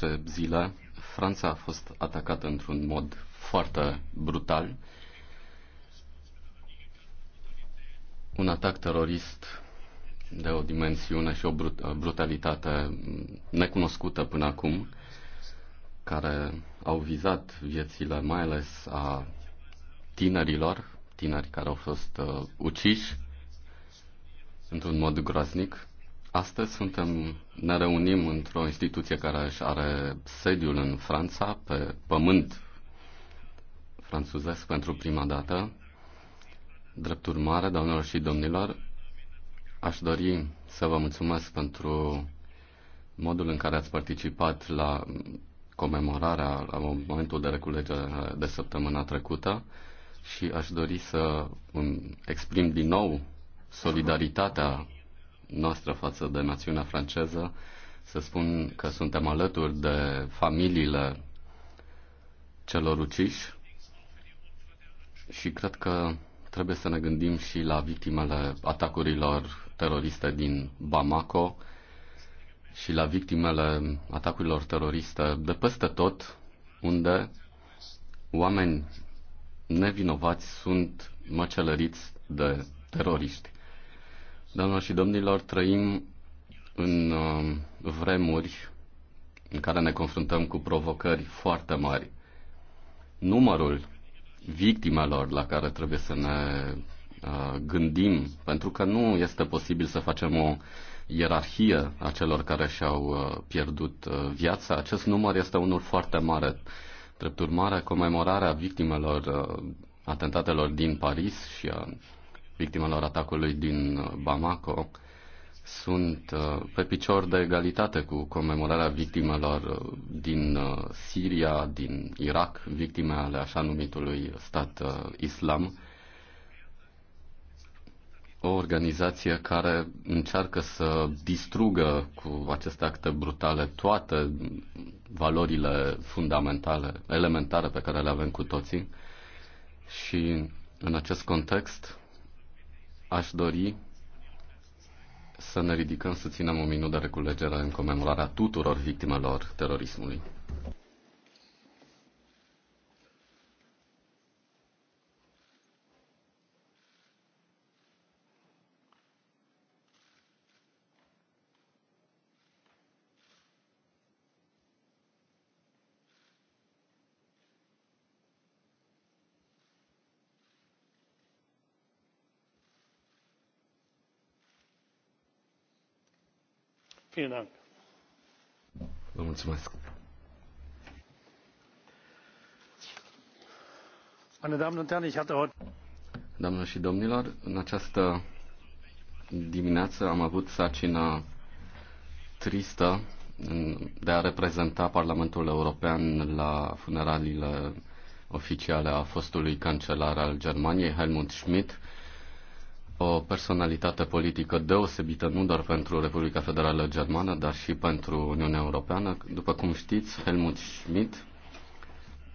10 zile, Franța a fost atacată într-un mod foarte brutal. Un atac terorist de o dimensiune și o brutalitate necunoscută până acum, care au vizat viețile mai ales a tinerilor, tineri care au fost uh, uciși într-un mod groaznic. Astăzi suntem, ne reunim într-o instituție care are sediul în Franța, pe pământ franțuzesc pentru prima dată. Drept urmare, doamnelor și domnilor, aș dori să vă mulțumesc pentru modul în care ați participat la comemorarea, la momentul de reculegere de săptămâna trecută și aș dori să exprim din nou solidaritatea noastră față de națiunea franceză, să spun că suntem alături de familiile celor uciși și cred că trebuie să ne gândim și la victimele atacurilor teroriste din Bamako și la victimele atacurilor teroriste de peste tot, unde oameni nevinovați sunt măcelăriți de teroriști. Doamnelor și domnilor, trăim în um, vremuri în care ne confruntăm cu provocări foarte mari. Numărul victimelor la care trebuie să ne uh, gândim, pentru că nu este posibil să facem o ierarhie a celor care și-au uh, pierdut uh, viața, acest număr este unul foarte mare. Drept urmare, comemorarea victimelor atentatelor din Paris și a victimelor atacului din uh, Bamako sunt uh, pe picior de egalitate cu comemorarea victimelor uh, din Siria, din Irak, victime ale așa numitului stat islam, o organizație care încearcă să distrugă cu aceste acte brutale toate valorile fundamentale, elementare pe care le avem cu toții și în acest context Aș dori să ne ridicăm să ținem un minut de reculegere în comemorarea tuturor victimelor terorismului. Vă mulțumesc. și domnilor, în această dimineață am avut sarcina tristă de a reprezenta Parlamentul European la funeraliile oficiale a fostului cancelar al Germaniei, Helmut Schmidt, o personalitate politică deosebită nu doar pentru Republica Federală Germană, dar și pentru Uniunea Europeană. După cum știți, Helmut Schmidt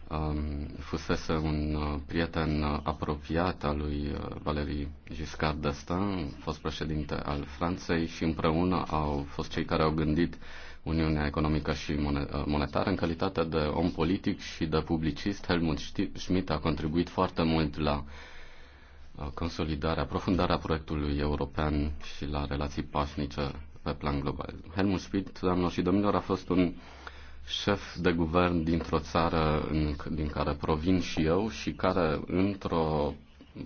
um, fusese un uh, prieten apropiat al lui uh, Valéry Giscard d'Estaing, fost președinte al Franței și împreună au fost cei care au gândit Uniunea Economică și uh, Monetară. În calitate de om politic și de publicist, Helmut Schmidt a contribuit foarte mult la Uh, consolidarea, aprofundarea proiectului european și la relații pașnice pe plan global. Helmut Schmidt, doamnelor și domnilor, a fost un șef de guvern dintr-o țară în, din care provin și eu și care într-o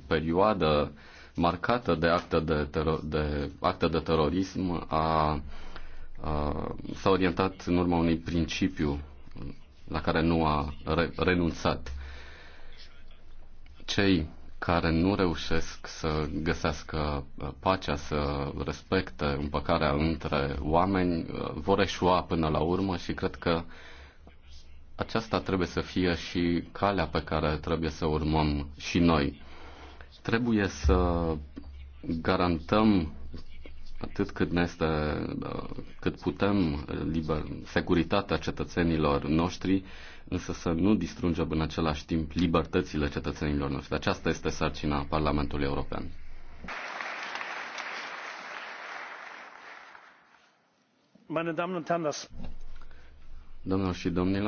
perioadă marcată de acte de, tero- de, acte de terorism a, a, s-a orientat în urma unui principiu la care nu a re- renunțat. Cei care nu reușesc să găsească uh, pacea, să respecte împăcarea între oameni, uh, vor eșua până la urmă și cred că aceasta trebuie să fie și calea pe care trebuie să urmăm și noi. Trebuie să garantăm atât cât ne este uh, putem eh, liber, securitatea cetățenilor noștri, însă să nu distrungem în același timp libertățile cetățenilor noștri. Aceasta deci este sarcina Parlamentului European. Meine Damen und Herren, das Domnilor și domnilor,